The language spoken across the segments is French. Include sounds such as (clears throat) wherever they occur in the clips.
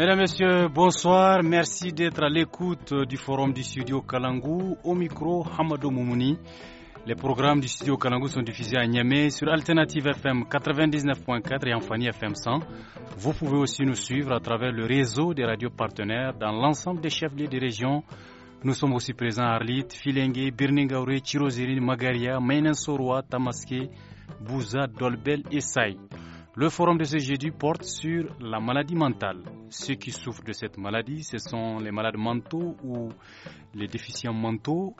Mesdames, Messieurs, bonsoir. Merci d'être à l'écoute euh, du forum du studio Kalangou. Au micro, Hamadou Moumouni. Les programmes du studio Kalangou sont diffusés à Niamey sur Alternative FM 99.4 et Fanny FM 100. Vous pouvez aussi nous suivre à travers le réseau des radios partenaires dans l'ensemble des chefs-lieux des régions. Nous sommes aussi présents à Arlit, Filengue, Birningauré, Tirozerine, Magaria, Mainensoroa, Tamaske, Bouza, Dolbel et Saï. Le forum de ce jeudi porte sur la maladie mentale. Ceux qui souffrent de cette maladie, ce sont les malades mentaux ou les déficients mentaux.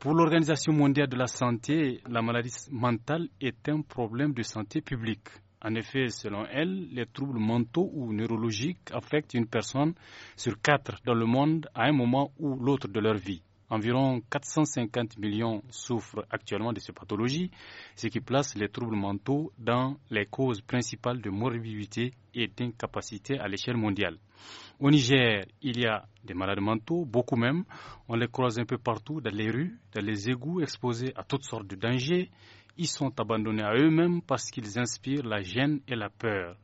Pour l'Organisation mondiale de la santé, la maladie mentale est un problème de santé publique. En effet, selon elle, les troubles mentaux ou neurologiques affectent une personne sur quatre dans le monde à un moment ou l'autre de leur vie. Environ 450 millions souffrent actuellement de ces pathologies, ce qui place les troubles mentaux dans les causes principales de morbidité et d'incapacité à l'échelle mondiale. Au Niger, il y a des malades mentaux, beaucoup même. On les croise un peu partout, dans les rues, dans les égouts, exposés à toutes sortes de dangers. Ils sont abandonnés à eux-mêmes parce qu'ils inspirent la gêne et la peur.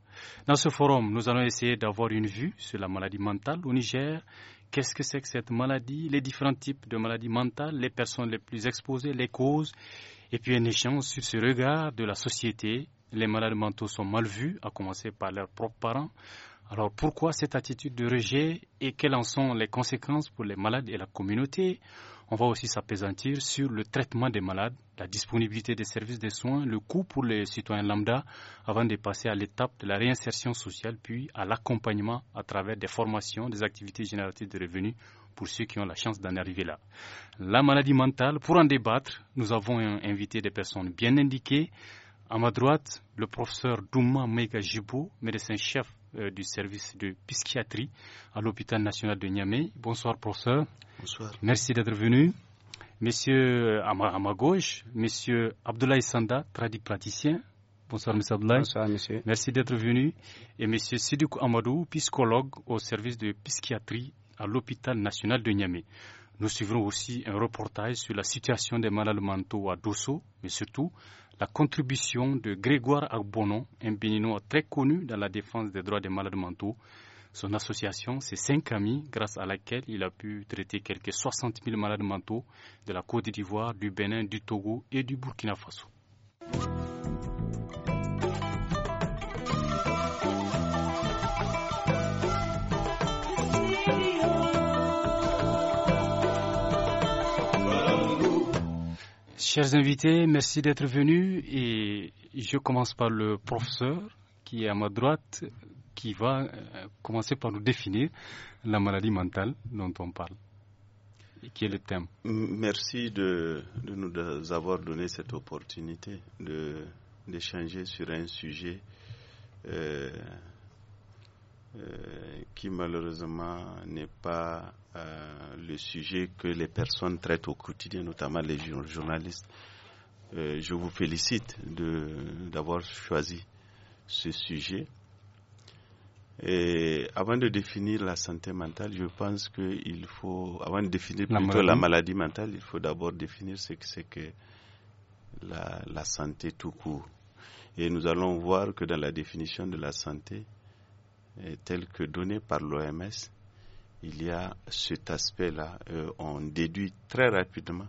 Dans ce forum, nous allons essayer d'avoir une vue sur la maladie mentale au Niger qu'est-ce que c'est que cette maladie, les différents types de maladies mentales, les personnes les plus exposées, les causes, et puis un échange sur ce regard de la société. Les malades mentaux sont mal vus, à commencer par leurs propres parents. Alors pourquoi cette attitude de rejet et quelles en sont les conséquences pour les malades et la communauté on va aussi s'apaisantir sur le traitement des malades, la disponibilité des services de soins, le coût pour les citoyens lambda, avant de passer à l'étape de la réinsertion sociale, puis à l'accompagnement à travers des formations, des activités génératives de revenus pour ceux qui ont la chance d'en arriver là. La maladie mentale, pour en débattre, nous avons invité des personnes bien indiquées. À ma droite, le professeur Douma Mega médecin-chef euh, du service de psychiatrie à l'hôpital national de Niamey. Bonsoir, professeur. Bonsoir. Merci d'être venu. Monsieur, euh, à ma, monsieur Abdoulaye Sanda, praticien Bonsoir, monsieur Abdoulaye. Bonsoir, monsieur. Merci d'être venu. Et monsieur Sidouk Amadou, psychologue au service de psychiatrie à l'hôpital national de Niamey. Nous suivrons aussi un reportage sur la situation des malades mentaux à Dosso, mais surtout la contribution de Grégoire Agbonon, un Béninois très connu dans la défense des droits des malades mentaux. Son association, ses cinq amis, grâce à laquelle il a pu traiter quelques 60 000 malades mentaux de la Côte d'Ivoire, du Bénin, du Togo et du Burkina Faso. Chers invités, merci d'être venus et je commence par le professeur qui est à ma droite qui va euh, commencer par nous définir la maladie mentale dont on parle et qui est le thème. Merci de, nous avoir donné cette opportunité d'échanger sur un sujet euh, euh, qui malheureusement n'est pas euh, le sujet que les personnes traitent au quotidien, notamment les journalistes. Euh, je vous félicite d'avoir choisi ce sujet. Et avant de définir la santé mentale, je pense qu'il faut, avant de définir plutôt la maladie mentale, il faut d'abord définir ce que c'est que la, santé tout court. Et nous allons voir que dans la définition de la santé, telle que donnée par l'OMS, il y a cet aspect-là. Euh, on déduit très rapidement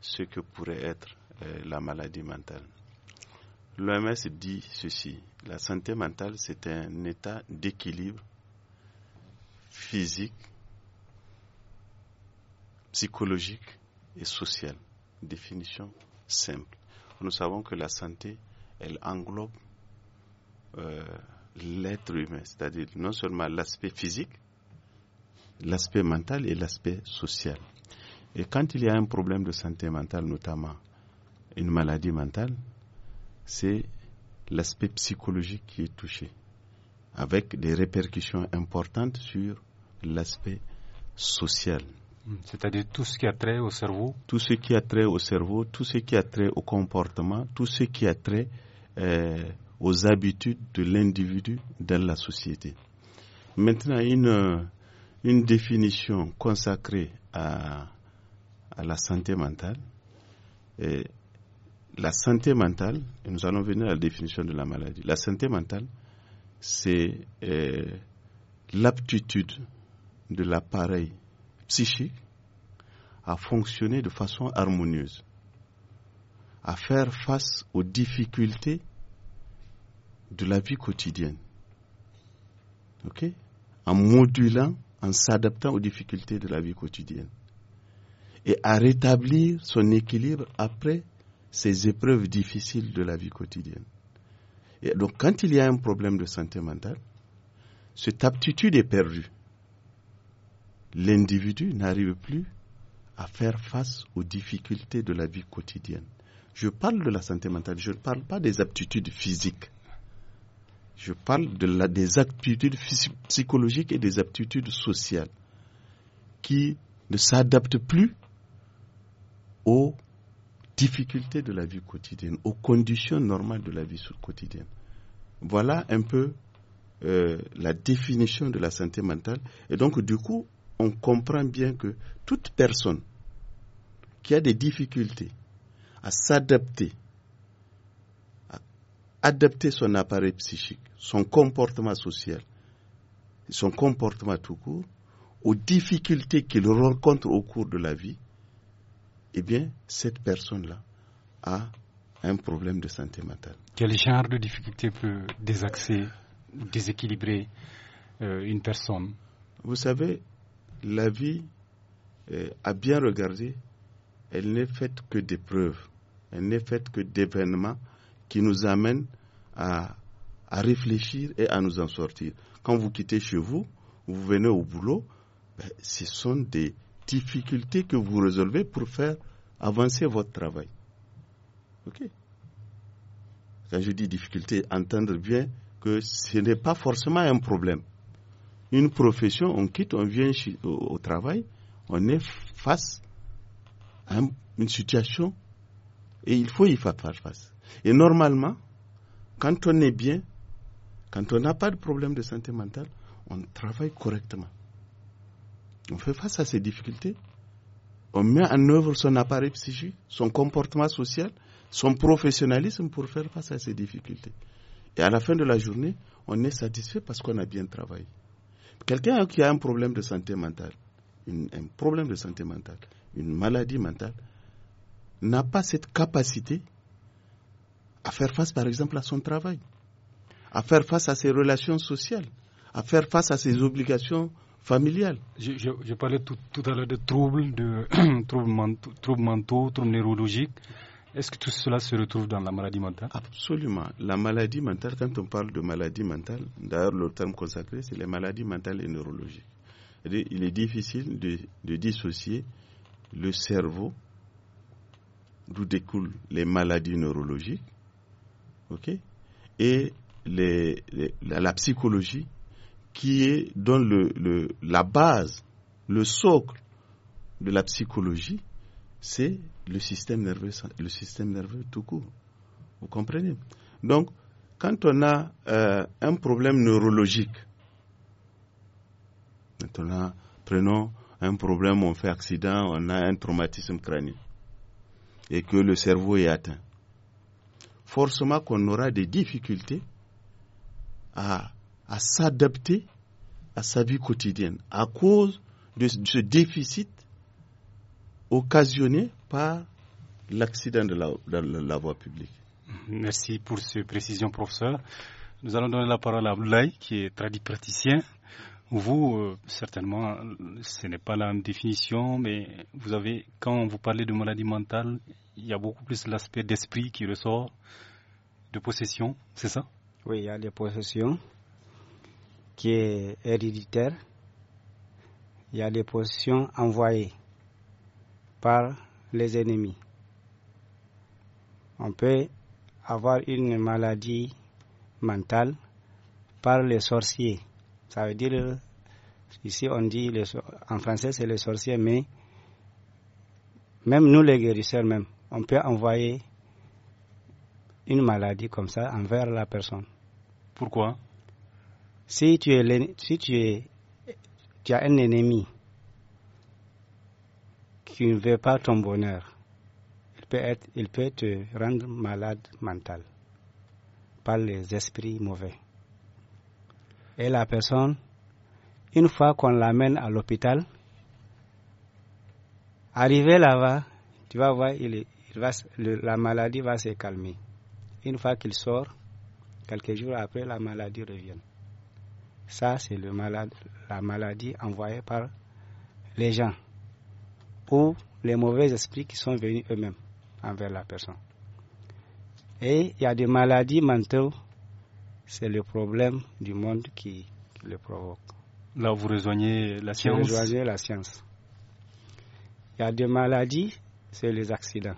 ce que pourrait être euh, la maladie mentale. L'OMS dit ceci, la santé mentale, c'est un état d'équilibre physique, psychologique et social. Définition simple. Nous savons que la santé, elle englobe euh, l'être humain, c'est-à-dire non seulement l'aspect physique, l'aspect mental et l'aspect social. Et quand il y a un problème de santé mentale, notamment une maladie mentale, c'est l'aspect psychologique qui est touché, avec des répercussions importantes sur l'aspect social. Hmm. C'est-à-dire tout ce qui a trait au cerveau Tout ce qui a trait au cerveau, tout ce qui a trait au comportement, tout ce qui a trait euh, aux habitudes de l'individu dans la société. Maintenant, une une définition consacrée à, la santé mentale. la santé mentale, et nous allons venir à la définition de la maladie, la santé mentale, c'est euh, l'aptitude de l'appareil psychique à fonctionner de façon harmonieuse, à faire face aux difficultés de la vie quotidienne, en modulant en s'adaptant aux difficultés de la vie quotidienne et à rétablir son équilibre après ces épreuves difficiles de la vie quotidienne. Et donc quand il y a un problème de santé mentale, cette aptitude est perdue. L'individu n'arrive plus à faire face aux difficultés de la vie quotidienne. Je parle de la santé mentale, je ne parle pas des aptitudes physiques. Je parle des aptitudes psychologiques et des aptitudes sociales qui ne s'adaptent plus aux difficultés de la vie quotidienne, aux conditions normales de la vie quotidienne. Voilà un peu euh, la définition de la santé mentale. Et donc, du coup, on comprend bien que toute personne qui a des difficultés à s'adapter adapter son appareil psychique, son comportement social, son comportement tout court, aux difficultés qu'il rencontre au cours de la vie, eh bien, cette personne-là a un problème de santé mentale. Quel genre de difficulté peut désaxer déséquilibrer euh, une personne Vous savez, la vie, euh, à bien regarder, elle n'est faite que d'épreuves, elle n'est faite que d'événements qui nous amène à, réfléchir et à nous en sortir. Quand vous quittez chez vous, vous venez au boulot, ben, ce sont des difficultés que vous résolvez pour faire avancer votre travail. Ok Quand je dis difficulté, entendre bien que ce n'est pas forcément un problème. Une profession, on quitte, on vient au, travail, on est face à une situation et il faut y faire face. Et normalement, quand on est bien, quand on n'a pas de problème de santé mentale, on travaille correctement. On fait face à ces difficultés. On met en œuvre son appareil psychique, son comportement social, son professionnalisme pour faire face à ces difficultés. Et à la fin de la journée, on est satisfait parce qu'on a bien travaillé. Quelqu'un qui a un problème de santé mentale, une, un problème de santé mentale, une maladie mentale, n'a pas cette capacité à faire face par exemple à son travail, à faire face à ses relations sociales, à faire face à ses obligations familiales. Je, parlais tout, à l'heure de troubles, de (clears throat) troubles, mentaux, troubles, neurologiques. Est-ce que tout cela se retrouve dans la maladie mentale Absolument. La maladie mentale, quand on parle de maladie mentale, d'ailleurs le terme consacré, c'est les maladies mentales et neurologiques. Il est difficile de dissocier le cerveau d'où découlent les maladies neurologiques ok, et la psychologie qui est dans le, la base, le socle de la psychologie, c'est le système nerveux, le système nerveux tout court. Vous comprenez Donc, quand on a euh, un problème neurologique, maintenant, prenons un problème, on fait accident, on a un traumatisme crânien, et que le cerveau est atteint forcément qu'on aura des difficultés à, s'adapter à sa vie quotidienne à cause de ce déficit occasionné par l'accident de, la, voie publique. Merci pour ces précisions, professeur. Nous allons donner la parole à Moulay, qui est praticien. Vous, euh, certainement, ce n'est pas la même définition, mais vous avez, quand vous parlez de maladie mentale, il y a beaucoup plus l'aspect d'esprit qui ressort, de possession, c'est ça Oui, il y a des possessions qui est héréditaire. Il y a des possessions envoyées par les ennemis. On peut avoir une maladie mentale par les sorciers ça veut dire, ici on dit en français c'est le sorcier, mais même nous les guérisseurs même, on peut envoyer une maladie comme ça envers la personne. Pourquoi Si tu es, si tu es, tu as un ennemi qui ne veut pas ton bonheur, il peut être, il peut te rendre malade mental par les esprits mauvais. Et la personne, une fois qu'on l'amène à l'hôpital, arrivé là-bas, tu vas voir, la maladie va se calmer. Une fois qu'il sort, quelques jours après, la maladie revient. Ça, c'est malade, la maladie envoyée par les gens ou les mauvais esprits qui sont venus eux-mêmes envers la personne. Et il y a des maladies mentales c'est le problème du monde qui, le provoque. Là, vous rejoignez la science Vous rejoignez la science. Il y a des maladies, c'est les accidents.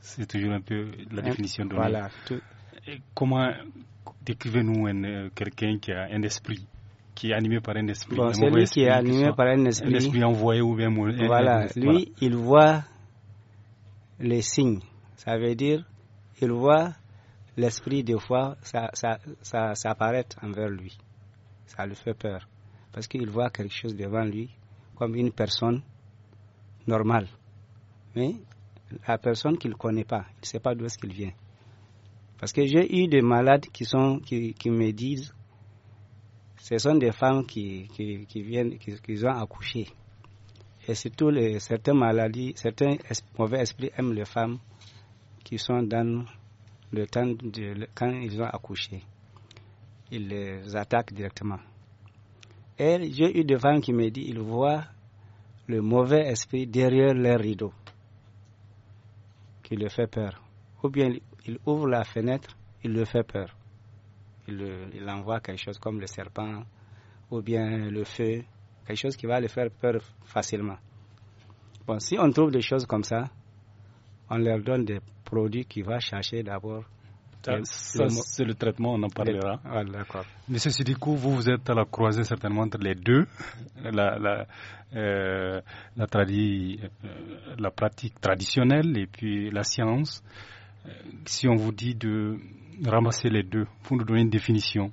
C'est toujours un peu la hein? définition de Voilà. Comment décrivez-nous euh, quelqu'un qui a un esprit qui est animé par un esprit. c'est lui qui est animé par un esprit. Un esprit envoyé ou bien. Voilà, euh, lui, il voit les signes. Ça veut dire, il voit l'esprit, des fois, ça, ça, ça, apparaît envers lui. Ça lui fait peur. Parce qu'il voit quelque chose devant lui comme une personne normale. Mais la personne qu'il ne connaît pas, il ne sait pas d'où est-ce qu'il vient. Parce que j'ai eu des malades qui, sont, qui, qui, me disent, ce sont des femmes qui, qui, viennent, qui, qui ont accouché. Et surtout, les, certains maladies, certains mauvais esprits aiment les femmes qui sont dans le temps de, quand ils ont accouché. Ils les attaquent directement. Et j'ai eu devant qui me dit il voit le mauvais esprit derrière les rideaux qui le fait peur. Ou bien il ouvre la fenêtre, il le fait peur. Il, il envoie quelque chose comme le serpent ou bien le feu, quelque chose qui va le faire peur facilement. Bon, si on trouve des choses comme ça, on leur donne des produits qui va chercher d'abord c'est le traitement, on en parlera. Monsieur Sidikou, vous, vous êtes à la croisée certainement entre les deux, la, euh, euh, pratique traditionnelle et puis la science. Euh, si on vous dit de ramasser les deux, vous nous donnez une définition.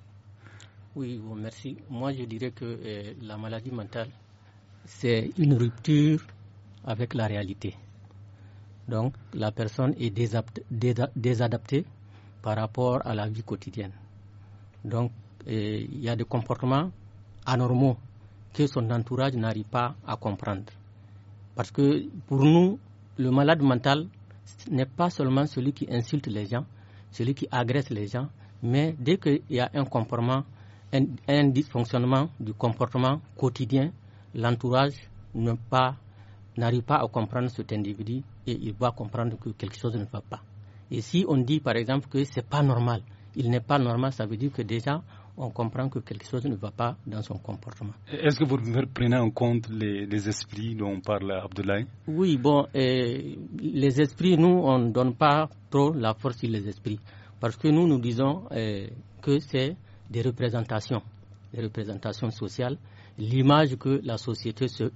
Oui, merci. Moi, je dirais que la maladie mentale, c'est une rupture avec la réalité. Donc la personne est désadaptée par rapport à la vie quotidienne. Donc il y a des comportements anormaux que son entourage n'arrive pas à comprendre. Parce que pour nous, le malade mental n'est pas seulement celui qui insulte les gens, celui qui agresse les gens, mais dès qu'il y a un comportement, un, dysfonctionnement du comportement quotidien, l'entourage n'arrive pas à comprendre cet individu il va comprendre que quelque chose ne va pas. Et si on dit par exemple que c'est pas normal, il n'est pas normal, ça veut dire que déjà on comprend que quelque chose ne va pas dans son comportement. Est-ce que vous prenez en compte les, esprits dont parle Abdoulaye Oui, bon, les esprits, nous, on ne donne pas trop la force sur les esprits. Parce que nous, nous disons euh, que c'est des représentations, des représentations sociales, l'image que la société se,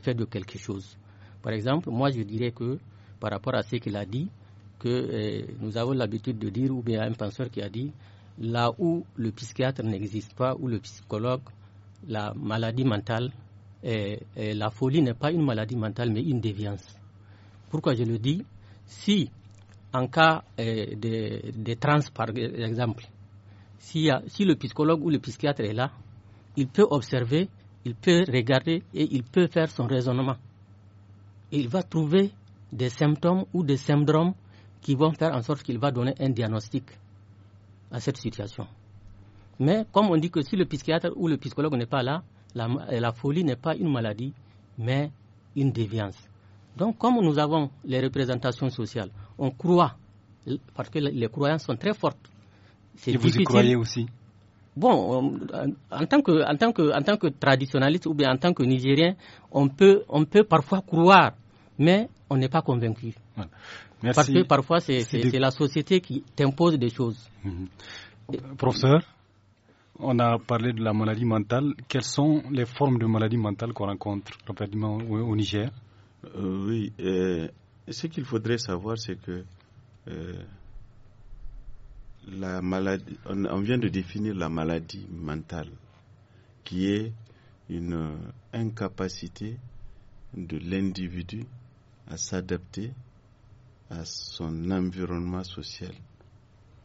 fait de quelque chose. Par exemple, moi, je dirais que par rapport à ce qu'il a dit, que eh, nous avons l'habitude de dire, ou bien un penseur qui a dit, là où le psychiatre n'existe pas, ou le psychologue, la maladie mentale, et, eh, eh, la folie n'est pas une maladie mentale, mais une déviance. Pourquoi je le dis Si, en cas de, de, trans, par exemple, si, si le psychologue ou le psychiatre est là, il peut observer, il peut regarder et il peut faire son raisonnement. Il va trouver des symptômes ou des syndromes qui vont faire en sorte qu'il va donner un diagnostic à cette situation. Mais comme on dit que si le psychiatre ou le psychologue n'est pas là, la, folie n'est pas une maladie, mais une déviance. Donc comme nous avons les représentations sociales, on croit, parce que les croyances sont très fortes. Et vous y croyez aussi Bon, en tant, que, en, tant que, en tant que traditionnaliste ou bien en tant que Nigérien, on peut, on peut parfois croire mais on n'est pas convaincu. Parce que parfois, c'est la société qui t'impose des choses. Mhm. Professeur, on a parlé de la maladie mentale. Quelles sont les formes de maladie mentale qu'on rencontre rapidement au, Niger euh, Oui, euh, ce qu'il faudrait savoir, c'est que euh, la maladie, on, vient de définir la maladie mentale, qui est une incapacité de l'individu à s'adapter à son environnement social.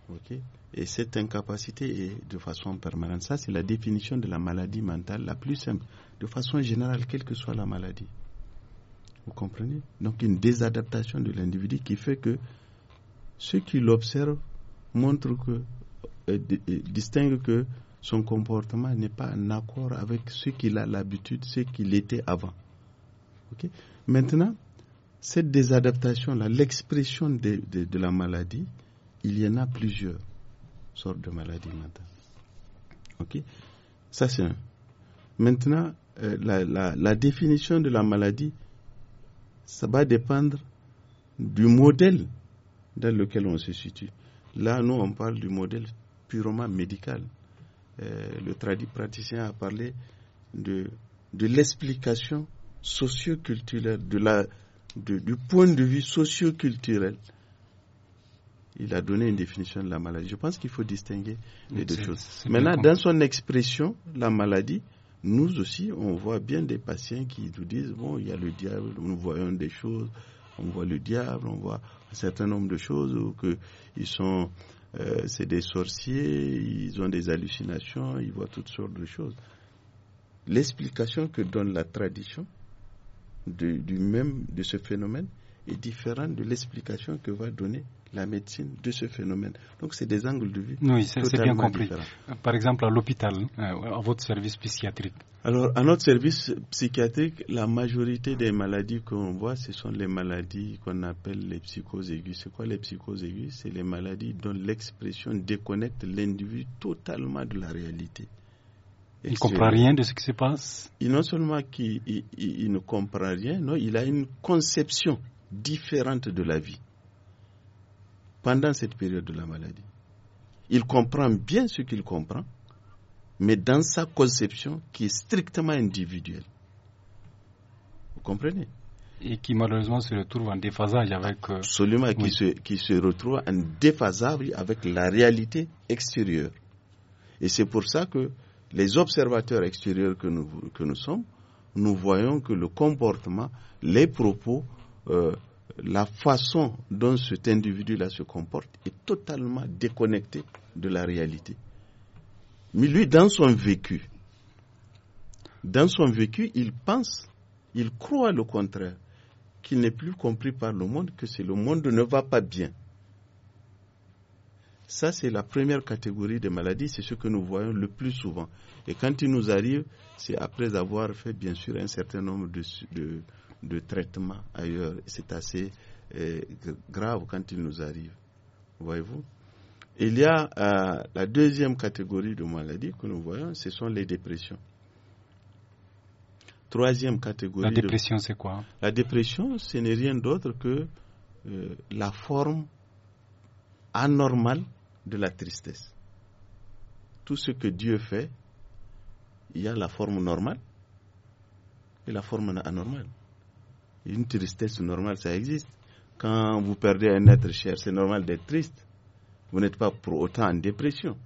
ok Et cette incapacité est de façon permanente. Ça, c'est la définition de la maladie mentale la plus simple, de façon générale, quelle que soit la maladie. Vous comprenez Donc une désadaptation de l'individu qui fait que ceux qui l'observent montrent que, euh, distingue euh, distinguent que son comportement n'est pas en accord avec ce qu'il a l'habitude, ce qu'il était avant. Ok Maintenant, cette désadaptation-là, l'expression de, la maladie, il y en a plusieurs sortes de maladies mentales. Ok Ça, c'est un. Maintenant, euh, la, définition de la maladie, ça va dépendre du modèle dans lequel on se situe. Là, nous, on parle du modèle purement médical. Euh, le tradit praticien a parlé de, de l'explication socioculturelle, de la du point de vue socioculturel, il a donné une définition de la maladie. Je pense qu'il faut distinguer les deux choses. Maintenant, dans son expression, la maladie, nous aussi, on voit bien des patients qui nous disent, bon, il y a le diable, nous voyons des choses, on voit le diable, on voit un certain nombre de choses, ou que ils sont, euh, c'est des sorciers, ils ont des hallucinations, ils voient toutes sortes de choses. L'explication que donne la tradition, de, du même, de ce phénomène est différent de l'explication que va donner la médecine de ce phénomène. Donc, c'est des angles de vue. Oui, c'est bien compris. Par exemple, à l'hôpital, euh, à votre service psychiatrique. Alors, à notre service psychiatrique, la majorité des maladies qu'on voit, ce sont les maladies qu'on appelle les psychoses aiguës. C'est quoi les psychoses aiguës C'est les maladies dont l'expression déconnecte l'individu totalement de la réalité. Il ne comprend rien de ce qui se passe. Et non seulement qu'il il, ne comprend rien, non, il a une conception différente de la vie pendant cette période de la maladie. Il comprend bien ce qu'il comprend, mais dans sa conception qui est strictement individuelle. Vous comprenez Et qui malheureusement se retrouve en déphasage avec... Euh, Absolument, qui, se, qui se retrouve en déphasage avec la réalité extérieure. Et c'est pour ça que les observateurs extérieurs que nous, sommes, nous voyons que le comportement, les propos, euh, la façon dont cet individu-là se comporte est totalement déconnecté de la réalité. Mais lui, dans son vécu, dans son vécu, il pense, il croit le contraire, qu'il n'est plus compris par le monde, que c'est le monde ne va pas bien. Ça, c'est la première catégorie de maladies, c'est ce que nous voyons le plus souvent. Et quand il nous arrive, c'est après avoir fait, bien sûr, un certain nombre de, traitements ailleurs. C'est assez euh, grave quand il nous arrive. Voyez-vous Il y a euh, la deuxième catégorie de maladies que nous voyons, ce sont les dépressions. Troisième catégorie. La dépression, c'est quoi La dépression, ce n'est rien d'autre que euh, la forme anormale de la tristesse. Tout ce que Dieu fait, il y a la forme normale et la forme anormale. Une tristesse normale, ça existe. Quand vous perdez un être cher, c'est normal d'être triste. Vous n'êtes pas pour autant en dépression.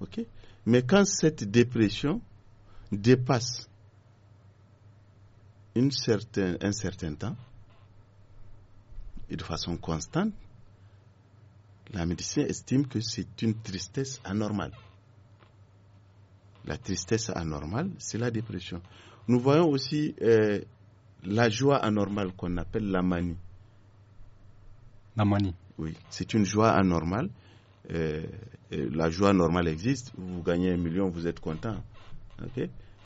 ok Mais quand cette dépression dépasse une certain, un certain temps, et de façon constante, la médecine estime que c'est une tristesse anormale. La tristesse anormale, c'est la dépression. Nous voyons aussi euh, la joie anormale qu'on appelle la manie. La manie. Oui, c'est une joie anormale. Euh, euh, la joie normale existe. Vous gagnez un million, vous êtes content.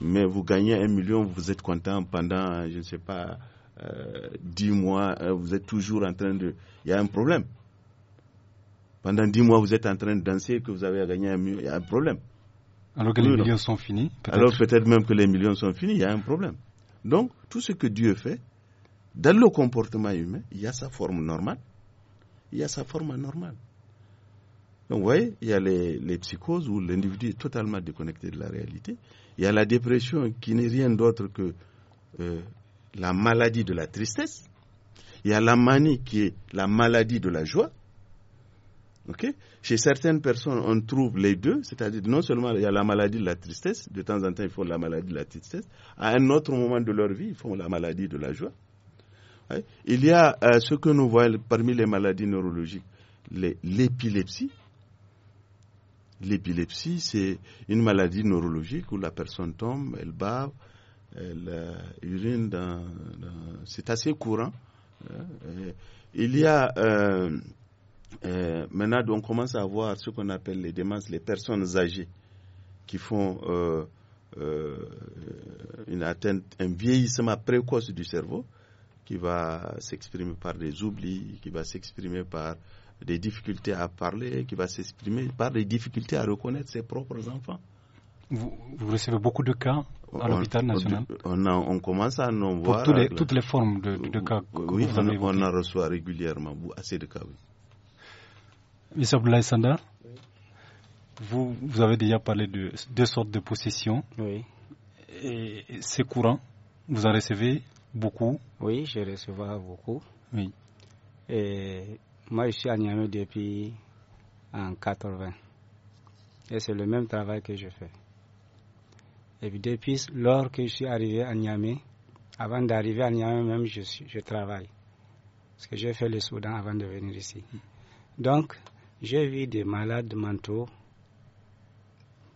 Mais vous gagnez un million, vous êtes content pendant, je ne sais pas, dix mois. Hein, vous êtes toujours en train de. Il y a un problème pendant dix mois, vous êtes en train de danser et que vous avez gagné un, million, il y a un problème. Alors que les millions sont finis Alors peut-être même que les millions sont finis, il y a un problème. Donc, tout ce que Dieu fait, dans le comportement humain, il y a sa forme normale, il y a sa forme anormale. Donc, vous voyez, il y a les, psychoses où l'individu est totalement déconnecté de la réalité. Il y a la dépression qui n'est rien d'autre que euh, la maladie de la tristesse. Il y a la manie qui est la maladie de la joie. OK Chez certaines personnes, on trouve les deux, c'est-à-dire non seulement il y a la maladie de la tristesse, de temps en temps ils font la maladie de la tristesse, à un autre moment de leur vie, ils font la maladie de la joie. Il y a euh, ce que nous voyons parmi les maladies neurologiques, l'épilepsie. L'épilepsie, c'est une maladie neurologique où la personne tombe, elle bave, elle euh, urine, dans, c'est assez courant. Hein. Euh, il y a... Euh, maintenant, on commence à voir ce qu'on appelle les démences, les personnes âgées qui font euh, euh, une atteinte, un vieillissement précoce du cerveau qui va s'exprimer par des oublis, qui va s'exprimer par des difficultés à parler, qui va s'exprimer par des difficultés à reconnaître ses propres enfants. Vous, recevez beaucoup de cas à l'hôpital national on, commence à en voir. Pour toutes les formes de, cas. Oui, on, on, en reçoit régulièrement assez de cas. Oui. Monsieur Abdoulaye Sanda, vous, avez déjà parlé de deux sortes de possessions. Oui. Et c'est courant. Vous en recevez beaucoup. Oui, je recevais beaucoup. Oui. Et moi, je suis à Niamey depuis en 80. Et c'est le même travail que je fais. Et puis depuis lors que je suis arrivé à Niamey, avant d'arriver à Niamey même, je, je travaille. Parce que j'ai fait le Soudan avant de venir ici. Mm. Donc, j'ai vu des malades mentaux.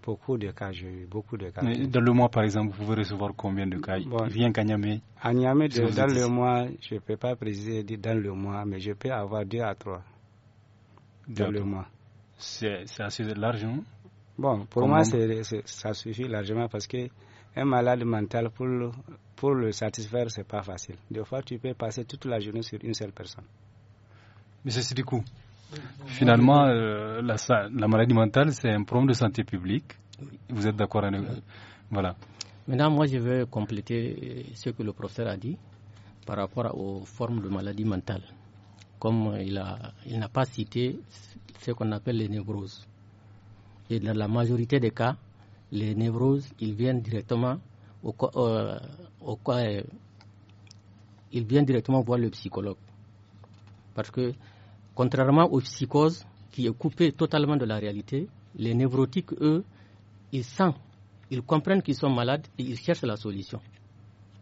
Beaucoup de cas, j'ai eu beaucoup de cas. dans le mois, par exemple, vous pouvez recevoir combien de cas Rien dans le mois, je ne peux pas préciser dans le mois, mais je peux avoir deux à trois dans le mois. C'est assez largement Bon, pour moi, ça suffit largement parce que un malade mental, pour le, pour le satisfaire, c'est pas facile. Des fois, tu peux passer toute la journée sur une seule personne. Mais c'est du coup. Finalement, euh, la, maladie mentale, c'est un problème de santé publique. Vous êtes d'accord avec Voilà. Maintenant, moi, je veux compléter euh, ce que le professeur a dit par rapport aux formes de maladie mentale. Comme il n'a il pas cité ce qu'on appelle les névroses. Et dans la majorité des cas, les névroses, ils viennent directement au, euh, ils viennent directement voir le psychologue. Parce que Contrairement aux psychoses, qui est coupé totalement de la réalité, les névrotiques, eux, ils sentent, ils comprennent qu'ils sont malades et ils cherchent la solution.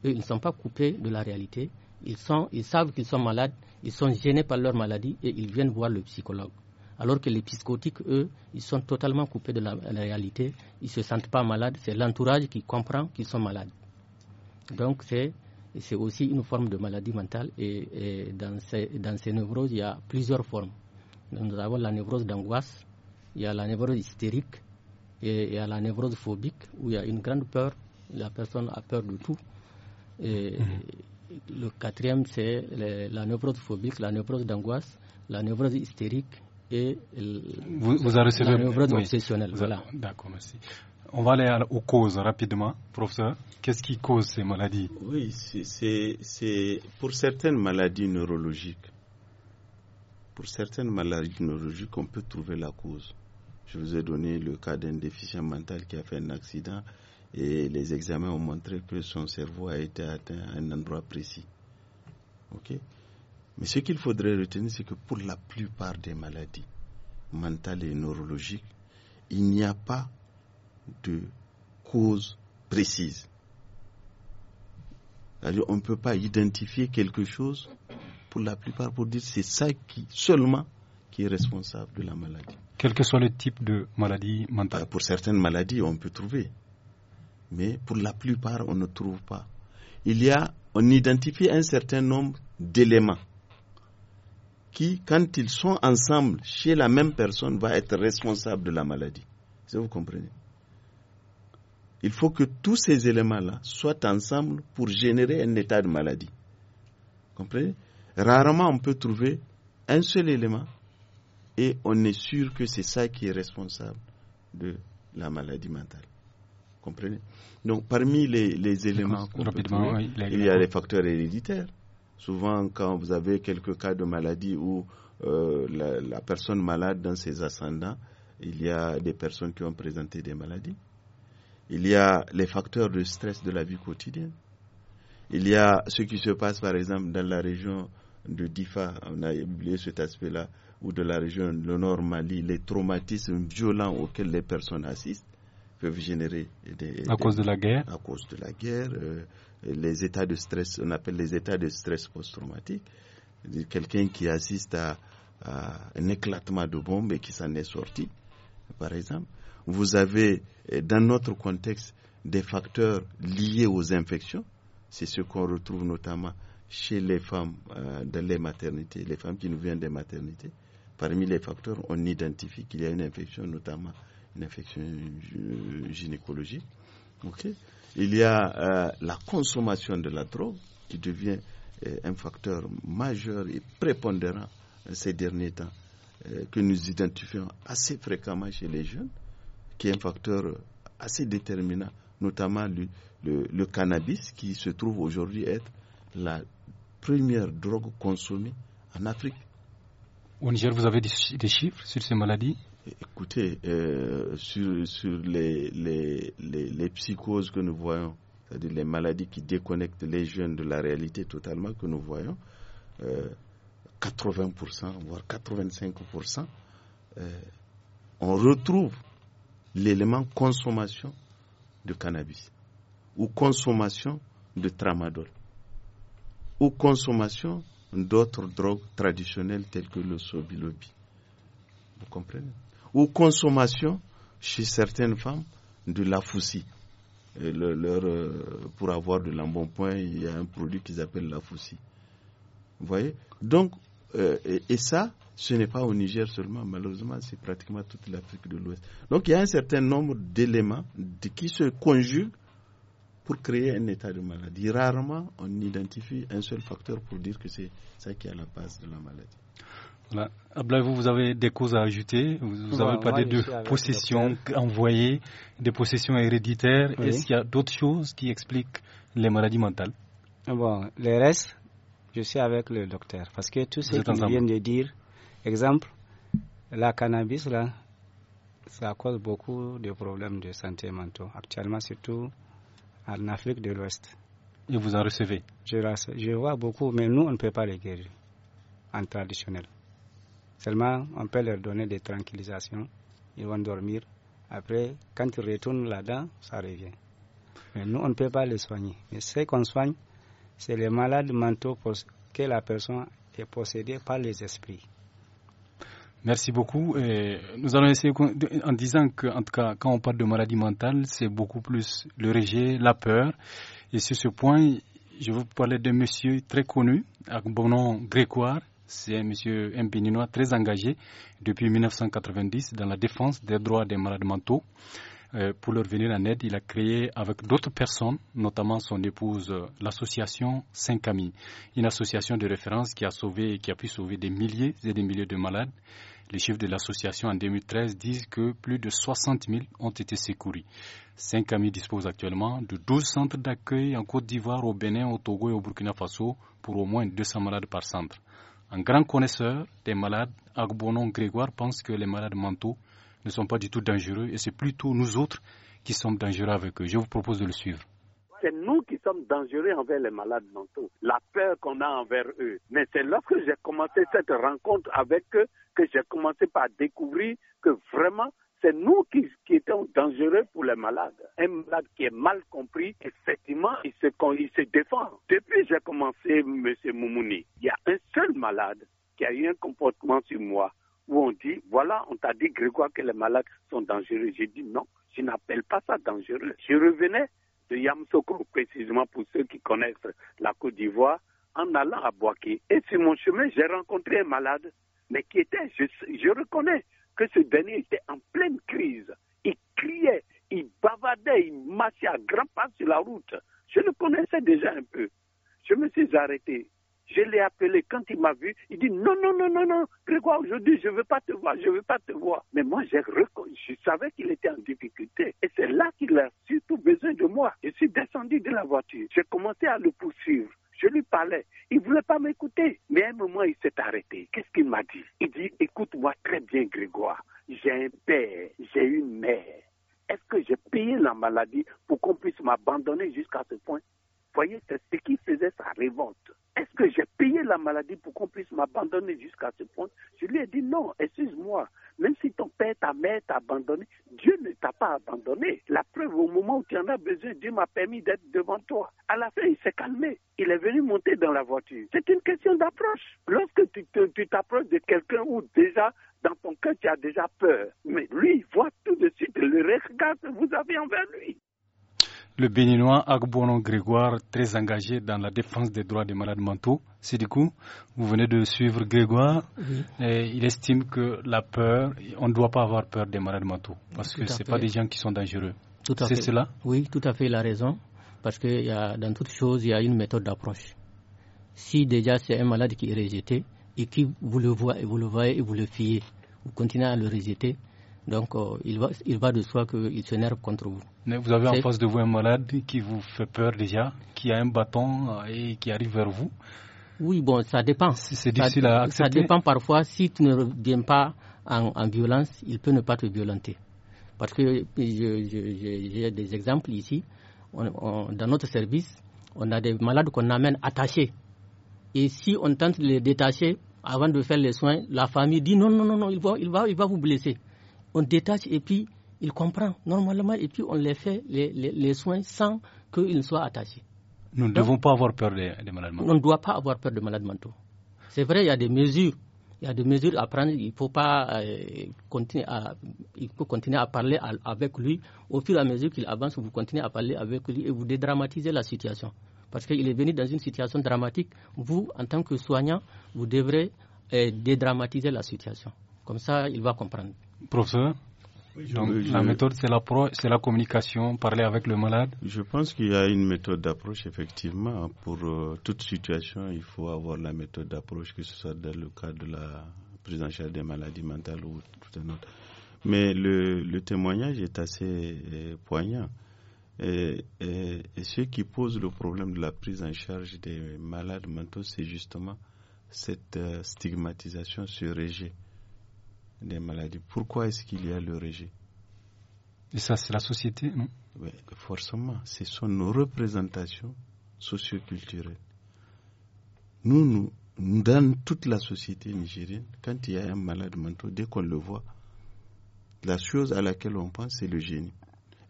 Eux, ils ne sont pas coupés de la réalité. Ils, ils savent qu'ils sont malades, ils sont gênés par leur maladie et ils viennent voir le psychologue. Alors que les psychotiques, eux, ils sont totalement coupés de la, réalité, ils ne se sentent pas malades, c'est l'entourage qui comprend qu'ils sont malades. Donc c'est c'est aussi une forme de maladie mentale et, dans, ces, dans, ces, névroses, il y a plusieurs formes. Nous avons la névrose d'angoisse, il y a la névrose hystérique et il y a la névrose phobique où il y a une grande peur, la personne a peur de tout. Mhm. Le quatrième, c'est la névrose phobique, la névrose d'angoisse, la névrose hystérique et vous, la, névrose obsessionnelle. Voilà. D'accord, merci. On va aller aux causes rapidement, professeur. Qu'est-ce qui cause ces maladies Oui, c'est pour certaines maladies neurologiques. Pour certaines maladies neurologiques, on peut trouver la cause. Je vous ai donné le cas d'un déficient mental qui a fait un accident et les examens ont montré que son cerveau a été atteint à un endroit précis. Ok Mais ce qu'il faudrait retenir, c'est que pour la plupart des maladies mentales et neurologiques, il n'y a pas de causes précises. on ne peut pas identifier quelque chose pour la plupart pour dire c'est ça qui seulement qui est responsable de la maladie. Quel que soit le type de maladie mentale. Bah, pour certaines maladies, on peut trouver, mais pour la plupart, on ne trouve pas. Il y a, on identifie un certain nombre d'éléments qui, quand ils sont ensemble chez la même personne, va être responsable de la maladie. Si vous comprenez. Il faut que tous ces éléments-là soient ensemble pour générer un état de maladie. Comprenez Rarement on peut trouver un seul élément et on est sûr que c'est ça qui est responsable de la maladie mentale. Comprenez Donc parmi les, éléments qu'on il y a les facteurs héréditaires. Souvent quand vous avez quelques cas de maladie où euh, la personne malade dans ses ascendants, il y a des personnes qui ont présenté des maladies. Il y a les facteurs de stress de la vie quotidienne. Il y a ce qui se passe, par exemple, dans la région de Difa, on a oublié cet aspect-là, ou de la région de Nord Mali, les traumatismes violents auxquels les personnes assistent peuvent générer des, à cause de la guerre à cause de la guerre euh, les états de stress on appelle les états de stress post-traumatique quelqu'un qui assiste à, à, un éclatement de bombe et qui s'en est sorti par exemple, vous avez euh, dans notre contexte des facteurs liés aux infections. C'est ce qu'on retrouve notamment chez les femmes euh, dans les maternités, les femmes qui nous viennent des maternités. Parmi les facteurs, on identifie qu'il y a une infection, notamment une infection euh, gynécologique. Il y a la consommation de la drogue qui devient un facteur majeur et prépondérant ces derniers temps. Euh, que nous identifions assez fréquemment chez les jeunes, qui est un facteur assez déterminant, notamment le, cannabis, qui se trouve aujourd'hui être la première drogue consommée en Afrique. Au Niger, vous avez des, chiffres sur ces maladies Écoutez, euh, sur, sur les, les, les, les, psychoses que nous voyons, c'est-à-dire les maladies qui déconnectent les jeunes de la réalité totalement que nous voyons, euh, 80%, voire 85%, euh, on retrouve l'élément consommation de cannabis ou consommation de tramadol ou consommation d'autres drogues traditionnelles telles que le sobilobi. Vous comprenez Ou consommation chez certaines femmes de la foussi. Euh, pour avoir de l'embonpoint, il y a un produit qu'ils appellent la foussie. Vous voyez Donc, euh, et, ça, ce n'est pas au Niger seulement, malheureusement, c'est pratiquement toute l'Afrique de l'Ouest. Donc il y a un certain nombre d'éléments qui se conjuguent pour créer un état de maladie. Rarement, on identifie un seul facteur pour dire que c'est ça qui est à la base de la maladie. Voilà. Ablaï, vous, avez des causes à ajouter. Vous, n'avez avez des parlé de possessions envoyées, des possessions héréditaires. Est-ce qu'il y a d'autres choses qui expliquent les maladies mentales ah les restes, je suis avec le docteur. Parce que tout ce qu'il vient de dire, exemple, la cannabis, là, ça cause beaucoup de problèmes de santé mentale, actuellement surtout en Afrique de l'Ouest. Et vous en recevez je, je, vois beaucoup, mais nous, on ne peut pas les guérir en traditionnel. Seulement, on peut leur donner des tranquillisations, ils vont dormir. Après, quand ils retournent là-dedans, ça revient. Mais nous, on ne peut pas les soigner. Mais ce qu'on soigne, c'est les malades mentaux que la personne est possédée par les esprits. Merci beaucoup. nous allons essayer en disant que, en tout cas, quand on parle de maladie mentale, c'est beaucoup plus le rejet, la peur. Et sur ce point, je vous parler d'un monsieur très connu, à bon nom grécoire. C'est un monsieur, un très engagé depuis 1990 dans la défense des droits des malades mentaux. Euh, pour leur venir en aide, il a créé avec d'autres personnes, notamment son épouse, euh, l'association Saint-Camille, une association de référence qui a sauvé et qui a pu sauver des milliers et des milliers de malades. Les chiffres de l'association en 2013 disent que plus de 60 000 ont été secourus. Saint-Camille dispose actuellement de 12 centres d'accueil en Côte d'Ivoire, au Bénin, au Togo et au Burkina Faso pour au moins 200 malades par centre. Un grand connaisseur des malades, Agbonon Grégoire pense que les malades mentaux ne sont pas du tout dangereux et c'est plutôt nous autres qui sommes dangereux avec eux. Je vous propose de le suivre. C'est nous qui sommes dangereux envers les malades mentaux, la peur qu'on a envers eux. Mais c'est lorsque j'ai commencé cette rencontre avec eux que j'ai commencé par découvrir que vraiment c'est nous qui, qui, étions dangereux pour les malades. Un malade qui est mal compris, effectivement, il se, il se défend. Depuis que j'ai commencé, M. Moumouni, il y a un seul malade qui a eu un comportement sur moi où on dit, voilà, on t'a dit, Grégoire, que les malades sont dangereux. J'ai dit, non, je n'appelle pas ça dangereux. Je revenais de Yamsoko, précisément pour ceux qui connaissent la Côte d'Ivoire, en allant à Boaké. Et sur mon chemin, j'ai rencontré un malade, mais qui était, je, reconnais que ce dernier était en pleine crise. Il criait, il bavardait, il marchait à grands pas sur la route. Je le connaissais déjà un peu. Je me suis arrêté. Je l'ai appelé quand il m'a vu. Il dit non, non, non, non, non, Grégoire, aujourd'hui, je ne veux pas te voir, je ne veux pas te voir. Mais moi, j'ai reconnu, je savais qu'il était en difficulté. Et c'est là qu'il a surtout besoin de moi. Je suis descendu de la voiture. J'ai commencé à le poursuivre. Je lui parlais. Il ne voulait pas m'écouter. Mais à un moment, il s'est arrêté. Qu'est-ce qu'il m'a dit Il dit, écoute-moi très bien, Grégoire. J'ai un père, j'ai une mère. Est-ce que j'ai payé la maladie pour qu'on puisse m'abandonner jusqu'à ce point Voyez, ce qui faisait sa révolte est-ce que j'ai payé la maladie pour qu'on puisse m'abandonner jusqu'à ce point Je lui ai dit non, excuse-moi, même si ton père, ta mère t'a abandonné, Dieu ne t'a pas abandonné. La preuve, au moment où tu en as besoin, Dieu m'a permis d'être devant toi. À la fin, il s'est calmé. Il est venu monter dans la voiture. C'est une question d'approche. Lorsque tu t'approches de quelqu'un où déjà dans ton cœur, tu as déjà peur. Mais lui, voit tout de suite le regard que vous avez envers lui le Béninois Agbono Grégoire, très engagé dans la défense des droits des malades mentaux. du coup, vous venez de suivre Grégoire. il estime que la peur, on ne doit pas avoir peur des malades mentaux parce que ce pas des gens qui sont dangereux. C'est cela Oui, tout à fait, la raison. Parce que dans toute chose, il y a une méthode d'approche. Si déjà c'est un malade qui est rejeté et qui vous le voit et vous le voyez et vous le fiez, vous continuez à le rejeter, donc euh, il, va, il va de soi qu'il s'énerve contre vous. Mais vous avez en face de vous un malade qui vous fait peur déjà, qui a un bâton euh, et qui arrive vers vous. Oui, bon, ça dépend. C'est difficile ça, à accepter. Ça dépend parfois. Si tu ne reviens pas en, violence, il peut ne pas te violenter. Parce que j'ai des exemples ici. dans notre service, on a des malades qu'on amène attachés. Et si on tente de les détacher avant de faire les soins, la famille dit non, non, non, non il, va, il, va, il va vous blesser on détache et puis il comprend normalement et puis on les fait les, soins sans qu'ils soient attachés. Nous ne devons pas avoir peur des, malades mentaux. On ne doit pas avoir peur des malades mentaux. C'est vrai, il y a des mesures. Il y a des mesures à prendre. Il faut pas euh, continuer à, il faut continuer à parler avec lui. Au fur et à mesure qu'il avance, vous continuez à parler avec lui et vous dédramatisez la situation. Parce qu'il est venu dans une situation dramatique. Vous, en tant que soignant, vous devrez euh, dédramatiser la situation. Comme ça, il va comprendre professeur donc, la méthode, c'est la communication, parler avec le malade. Je pense qu'il y a une méthode d'approche, effectivement. Pour euh, toute situation, il faut avoir la méthode d'approche, que ce soit dans le cas de la prise en charge des maladies mentales ou tout un autre. Mais le, le témoignage est assez euh, poignant. Et, ce qui pose le problème de la prise en charge des malades mentaux, c'est justement cette euh, stigmatisation sur des maladies. Pourquoi est-ce qu'il y a le rejet Et ça, c'est la société, non forcément. Ce sont nos représentations socioculturelles. Nous, nous, dans toute la société nigérienne, quand il y a un malade mental, dès qu'on le voit, la chose à laquelle on pense, c'est le génie.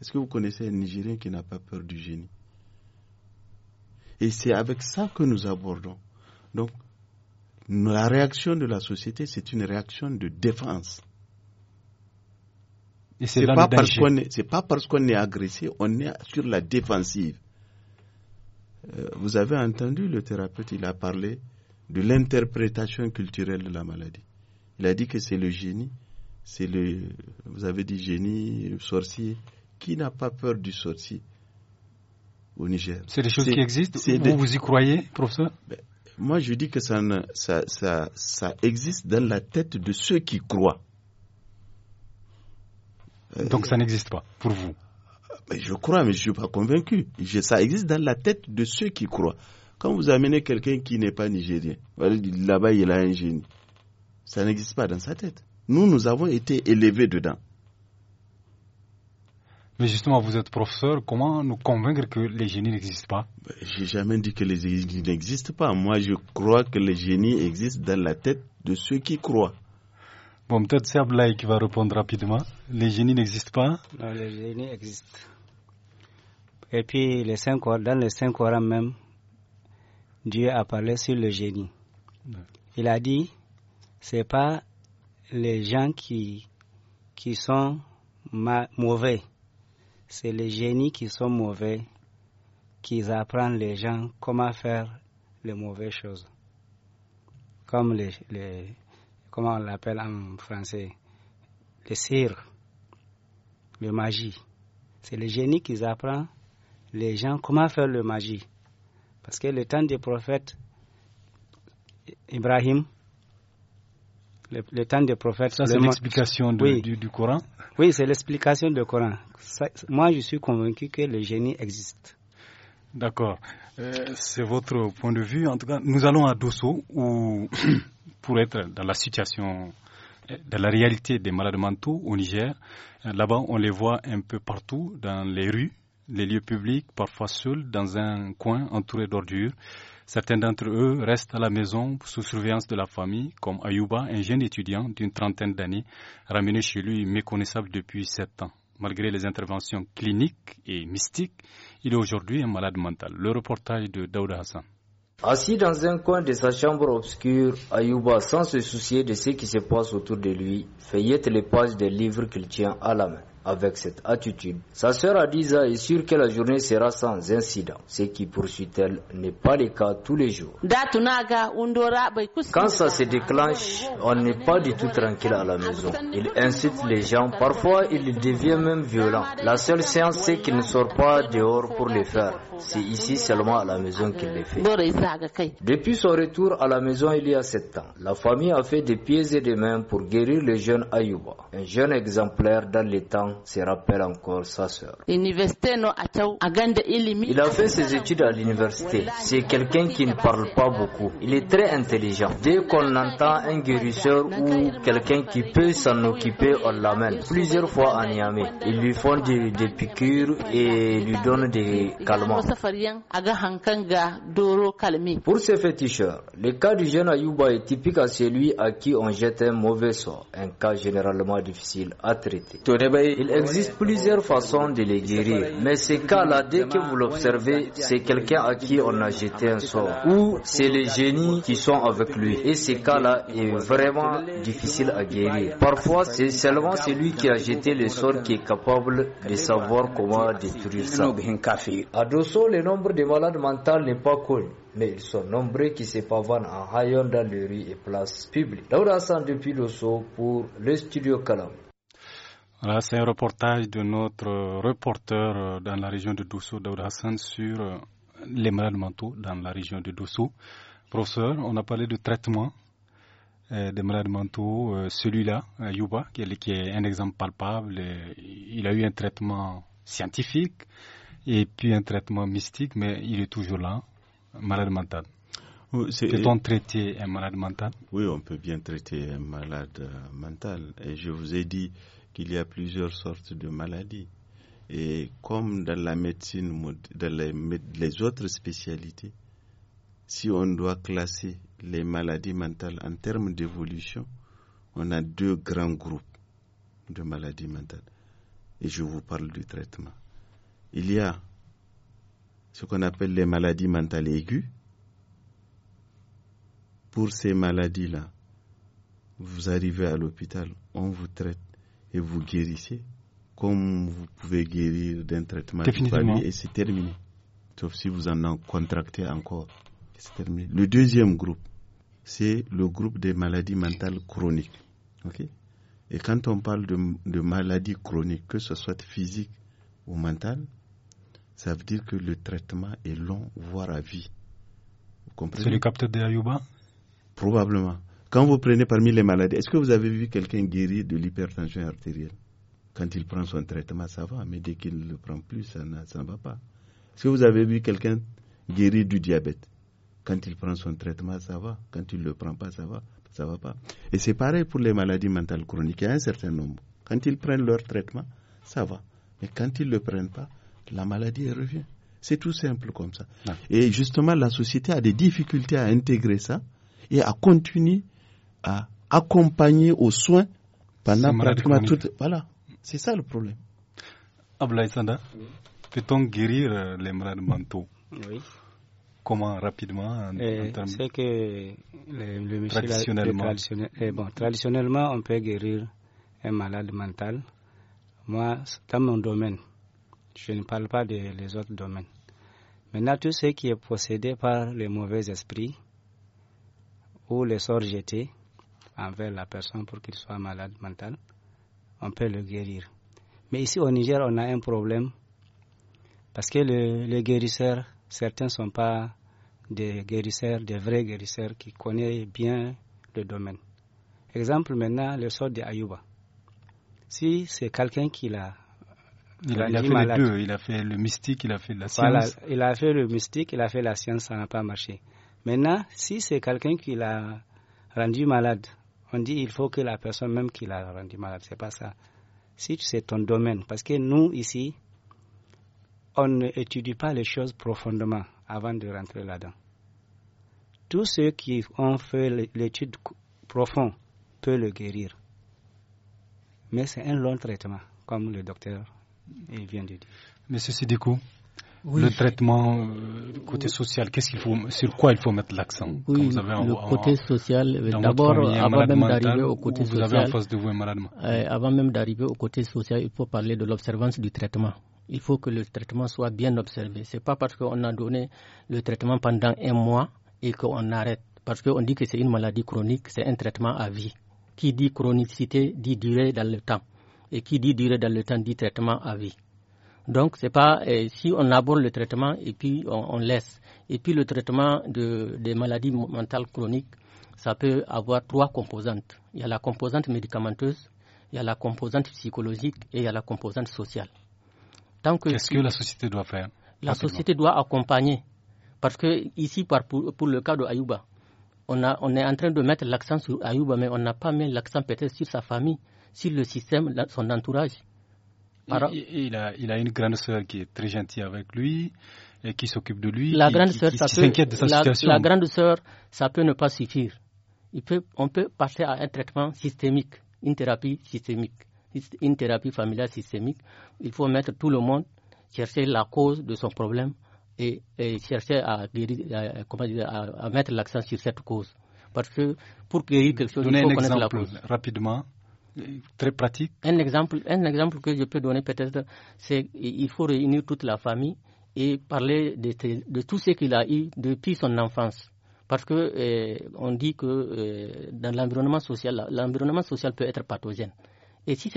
Est-ce que vous connaissez un Nigérien qui n'a pas peur du génie Et c'est avec ça que nous abordons. Donc, la réaction de la société, c'est une réaction de défense. Et c'est pas, parce qu'on est, pas parce qu'on est agressé, on est sur la défensive. Euh, vous avez entendu le thérapeute, il a parlé de l'interprétation culturelle de la maladie. Il a dit que c'est le génie, c'est le, vous avez dit génie, sorcier, qui n'a pas peur du sorcier au Niger C'est des choses qui existent vous y croyez, professeur ben, moi je dis que ça, ça, existe dans la tête de ceux qui croient. Euh, Donc ça n'existe pas pour vous Je crois, mais je ne suis pas convaincu. ça existe dans la tête de ceux qui croient. Quand vous amenez quelqu'un qui n'est pas nigérien, là-bas il a un génie. Ça n'existe pas dans sa tête. Nous, nous avons été élevés dedans. Mais justement, vous êtes professeur, comment nous convaincre que les génies n'existent pas ben, Je n'ai jamais dit que les génies n'existent pas. Moi, je crois que les génies existent dans la tête de ceux qui croient. Bon, peut-être c'est Ablaï qui va répondre rapidement. Les génies n'existent pas Non, les génies existent. Et puis, dans les cinq Corans même, Dieu a parlé sur le génie. Il a dit, ce c'est pas les gens qui, qui sont mauvais c'est les génies qui sont mauvais, qui apprennent les gens comment faire les mauvaises choses. Comme les, comment on l'appelle en français, les cires, le magie. C'est les génies qui apprennent les gens comment faire le magie. Parce que le temps des prophètes, Ibrahim, le, temps des prophètes. c'est l'explication du, Coran oui, c'est l'explication du Coran. moi, je suis convaincu que le génie existe. D'accord. Euh, c'est votre point de vue. En tout cas, nous allons à Dosso, où, (coughs) pour être dans la situation, euh, dans la réalité des malades mentaux au Niger, euh, là-bas, on les voit un peu partout, dans les rues, les lieux publics, parfois seuls, dans un coin entouré d'ordures. Certains d'entre eux restent à la maison sous surveillance de la famille, comme Ayouba, un jeune étudiant d'une trentaine d'années, ramené chez lui méconnaissable depuis sept ans. Malgré les interventions cliniques et mystiques, il est aujourd'hui un malade mental. Le reportage de Daouda Hassan. Assis dans un coin de sa chambre obscure, Ayouba, sans se soucier de ce qui se passe autour de lui, feuillette les pages des livres qu'il tient à la main avec cette attitude, sa sœur Adiza est sûre que la journée sera sans incident, ce qui poursuit-elle n'est pas le cas tous les jours. Quand ça se déclenche, on n'est pas du tout tranquille à la maison. Il incite les gens, parfois il devient même violent. La seule séance, c'est qu'il ne sort pas dehors pour les faire. C'est ici seulement à la maison qu'il les fait. Depuis son retour à la maison il y a sept ans, la famille a fait des pieds et des mains pour guérir le jeune Ayuba, un jeune exemplaire dans les temps se rappelle encore sa soeur. Il a fait ses études à l'université. C'est quelqu'un qui ne parle pas beaucoup. Il est très intelligent. Dès qu'on entend un guérisseur ou quelqu'un qui peut s'en occuper, on l'amène. Plusieurs fois à Niamey, ils lui font des, piqûres et lui donnent des calmants. Pour ces féticheurs, le cas du jeune Ayouba est typique à celui à qui on jette un mauvais sort, un cas généralement difficile à traiter. Il existe plusieurs façons de les guérir, mais ces cas-là, dès que vous l'observez, c'est quelqu'un à qui on a jeté un sort, ou c'est les génies qui sont avec lui. Et ces cas-là est vraiment difficile à guérir. Parfois, c'est seulement celui qui a jeté le sort qui est capable de savoir comment détruire ça. À Dosso, le nombre de malades mentaux n'est pas connu mais ils sont nombreux qui se pavanent en rayon dans les rues et places publiques. Laura Hassan depuis Dosso pour le studio Calam. Voilà, c'est un reportage de notre reporter euh, dans la région de Doussou, Daoud Hassan, sur euh, les malades mentaux dans la région de Doussou. Professeur, on a parlé de traitement euh, des malades mentaux. Celui-là, Yuba, qui est un exemple palpable, il a eu un traitement scientifique et puis un traitement mystique, mais il est toujours là, malade mental. Peut-on traiter un malade mental Oui, on peut bien traiter un malade mental. Et je vous ai dit, il y a plusieurs sortes de maladies. Et comme dans la médecine, dans les autres spécialités, si on doit classer les maladies mentales en termes d'évolution, on a deux grands groupes de maladies mentales. Et je vous parle du traitement. Il y a ce qu'on appelle les maladies mentales aiguës. Pour ces maladies-là, vous arrivez à l'hôpital, on vous traite et vous guérissez comme vous pouvez guérir d'un traitement famille et c'est terminé. Sauf si vous en contractez encore. Le deuxième groupe, c'est le groupe des maladies mentales chroniques. Ok. Et quand on parle de, maladies chroniques, que ce soit physique ou mentale, ça veut dire que le traitement est long, voire à vie. Vous comprenez C'est le capteur de Ayuba Probablement. Quand vous prenez parmi les maladies, est-ce que vous avez vu quelqu'un guéri de l'hypertension artérielle Quand il prend son traitement, ça va, mais dès qu'il ne le prend plus, ça ne va pas. Est-ce que vous avez vu quelqu'un guéri du diabète Quand il prend son traitement, ça va. Quand il ne le prend pas, ça va. Ça va pas. Et c'est pareil pour les maladies mentales chroniques. Il y a un certain nombre. Quand ils prennent leur traitement, ça va. Mais quand ils ne le prennent pas, la maladie revient. C'est tout simple comme ça. Ah. Et justement, la société a des difficultés à intégrer ça et à continuer à accompagner aux soins pendant pratiquement toute. Voilà, c'est ça le problème. Ablaïsanda, Sanda, peut-on guérir euh, les malades mentaux Oui. Comment rapidement eh, C'est que traditionnellement. Eh, traditionnellement, on peut guérir un malade mental. Moi, dans mon domaine, je ne parle pas des autres domaines. Maintenant, tout ce qui est possédé par les mauvais esprits ou les sorts jetés, envers la personne pour qu'il soit malade mental, on peut le guérir. Mais ici au Niger, on a un problème parce que les guérisseurs, certains ne sont pas des guérisseurs, des vrais guérisseurs qui connaissent bien le domaine. Exemple maintenant, le sort de Ayuba. Si c'est quelqu'un qui l'a. Il, a, malade, il a fait le mystique, il a fait la science. Voilà, il a fait le mystique, il a fait la science, ça n'a pas marché. Maintenant, si c'est quelqu'un qui l'a rendu malade, on dit il faut que la personne même qui l'a rendu malade, c'est pas ça. Si c'est ton domaine, parce que nous ici, on n'étudie pas les choses profondément avant de rentrer là-dedans. Tous ceux qui ont fait l'étude profonde peuvent le guérir. Mais c'est un long traitement, comme le docteur vient de dire. Mais Monsieur coup le traitement euh, côté social, qu'est-ce qu'il faut, sur quoi il faut mettre l'accent oui, le côté social, d'abord, euh, avant même d'arriver au côté social, il faut parler de l'observance du traitement. Il faut que le traitement soit bien observé. C'est pas parce qu'on a donné le traitement pendant un mois et qu'on arrête. Parce qu'on dit que c'est une maladie chronique, c'est un traitement à vie. Qui dit chronicité dit durée dans le temps. Et qui dit durée dans le temps dit traitement à vie. Donc, c'est pas euh, si on aborde le traitement et puis on, laisse. Et puis le traitement des maladies mentales chroniques, ça peut avoir trois composantes. Il y a la composante médicamenteuse, il y a la composante psychologique et il y a la composante sociale. Qu'est-ce que la société doit faire La société doit accompagner. Parce que ici, pour, pour le cas de Ayuba, on, on, est en train de mettre l'accent sur Ayuba, mais on n'a pas mis l'accent peut-être sur sa famille, sur le système, son entourage. Il, a, une grande sœur qui est très gentille avec lui et qui s'occupe de lui. La grande sœur, ça peut, de sa situation. La grande ça peut ne pas suffire. on peut passer à un traitement systémique, une thérapie systémique, une thérapie familiale systémique. Il faut mettre tout le monde, chercher la cause de son problème et, chercher à, mettre l'accent sur cette cause. Parce que pour guérir quelque chose, il faut connaître la cause. Rapidement très pratique. Un exemple, un exemple que je peux donner peut-être, c'est qu'il faut réunir toute la famille et parler de, tout ce qu'il a eu depuis son enfance. Parce que euh, on dit que euh, dans l'environnement social, l'environnement social peut être pathogène. Et si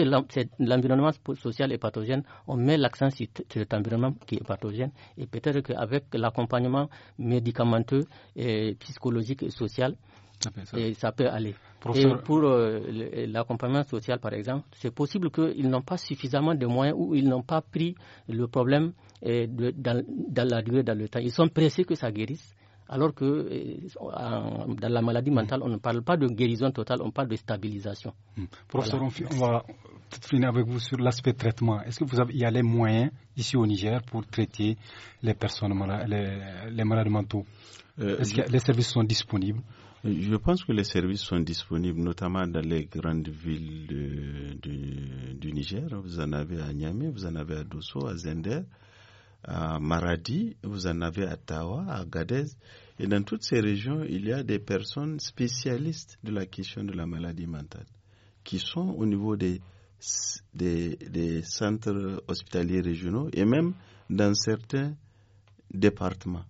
l'environnement social est pathogène, on met l'accent sur, cet environnement qui est pathogène. Et peut-être qu'avec l'accompagnement médicamenteux, psychologique et social, ça peut aller pour euh, l'accompagnement social, par exemple, c'est possible qu'ils n'ont pas suffisamment de moyens ou ils n'ont pas pris le problème euh, dans, la durée, dans le temps. Ils sont pressés que ça guérisse. Alors que euh, dans la maladie hmm. mentale, on ne parle pas de guérison totale, on parle de stabilisation. Hmm. Professeur, on on, peut-être finir avec vous sur l'aspect traitement. Est-ce que vous avez, y a les moyens ici au Niger pour traiter les personnes malades, les, malades mentaux Est-ce que les services sont disponibles je pense que les services sont disponibles, notamment dans les grandes villes du Niger. Vous en avez à Niamey, vous en avez à Dosso, à Zender, à Maradi, vous en avez à Tawa, à Gadez. Et dans toutes ces régions, il y a des personnes spécialistes de la question de la maladie mentale qui sont au niveau des, des centres hospitaliers régionaux et même dans certains départements.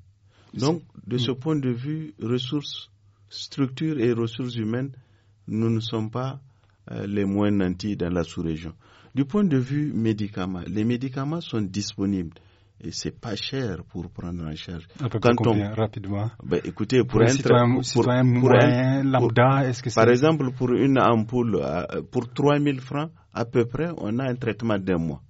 Donc, de ce hmm. point de vue, ressources Structure et ressources humaines, nous ne sommes pas euh, les moins nantis dans la sous-région. Du point de vue médicaments, les médicaments sont disponibles et c'est pas cher pour prendre en charge. Quand combien, rapidement ben, Écoutez, pour, un, pour, lambda, est-ce que Par exemple, pour une ampoule, euh, pour 3000 francs, à peu près, on a un traitement d'un mois.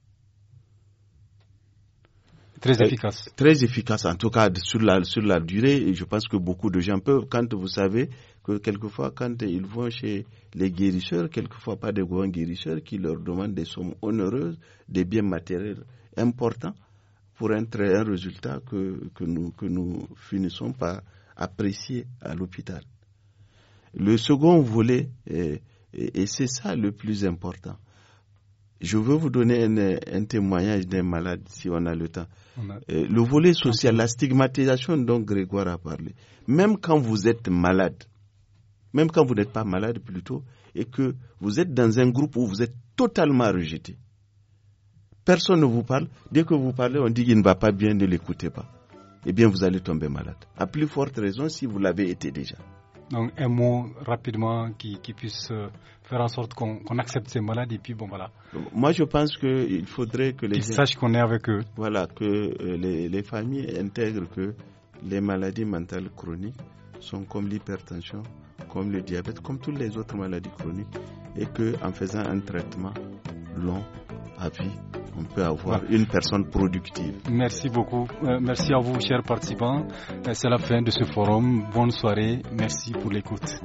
Très efficace. Très efficace, en tout cas sur la, durée. Et je pense que beaucoup de gens peuvent, quand vous savez que quelquefois, quand ils vont chez les guérisseurs, quelquefois pas des grands guérisseurs, qui leur demandent des sommes honoreuses, des biens matériels importants pour un, un résultat que, nous, que nous finissons par apprécier à l'hôpital. Le second volet, et, c'est ça le plus important, je veux vous donner un, témoignage d'un malade, si on a le temps. Euh, le volet social, la stigmatisation dont Grégoire a parlé. Même quand vous êtes malade, même quand vous n'êtes pas malade plutôt, et que vous êtes dans un groupe où vous êtes totalement rejeté. Personne ne vous parle. Dès que vous parlez, on dit qu'il ne va pas bien, ne l'écoutez pas. Eh bien, vous allez tomber malade. À plus forte raison si vous l'avez été déjà. Donc, un mot rapidement qui puisse euh, faire en sorte qu'on accepte ces malades et puis bon voilà. Moi je pense qu'il faudrait que les Qu'ils qu'on est avec eux. Voilà, que euh, les, familles intègrent que les maladies mentales chroniques sont comme l'hypertension, comme le diabète, comme toutes les autres maladies chroniques et qu'en faisant un traitement long à vie, on peut avoir une personne productive. Merci beaucoup. Euh, merci à vous, chers participants. Euh, c'est la fin de ce forum. Bonne soirée. Merci pour l'écoute.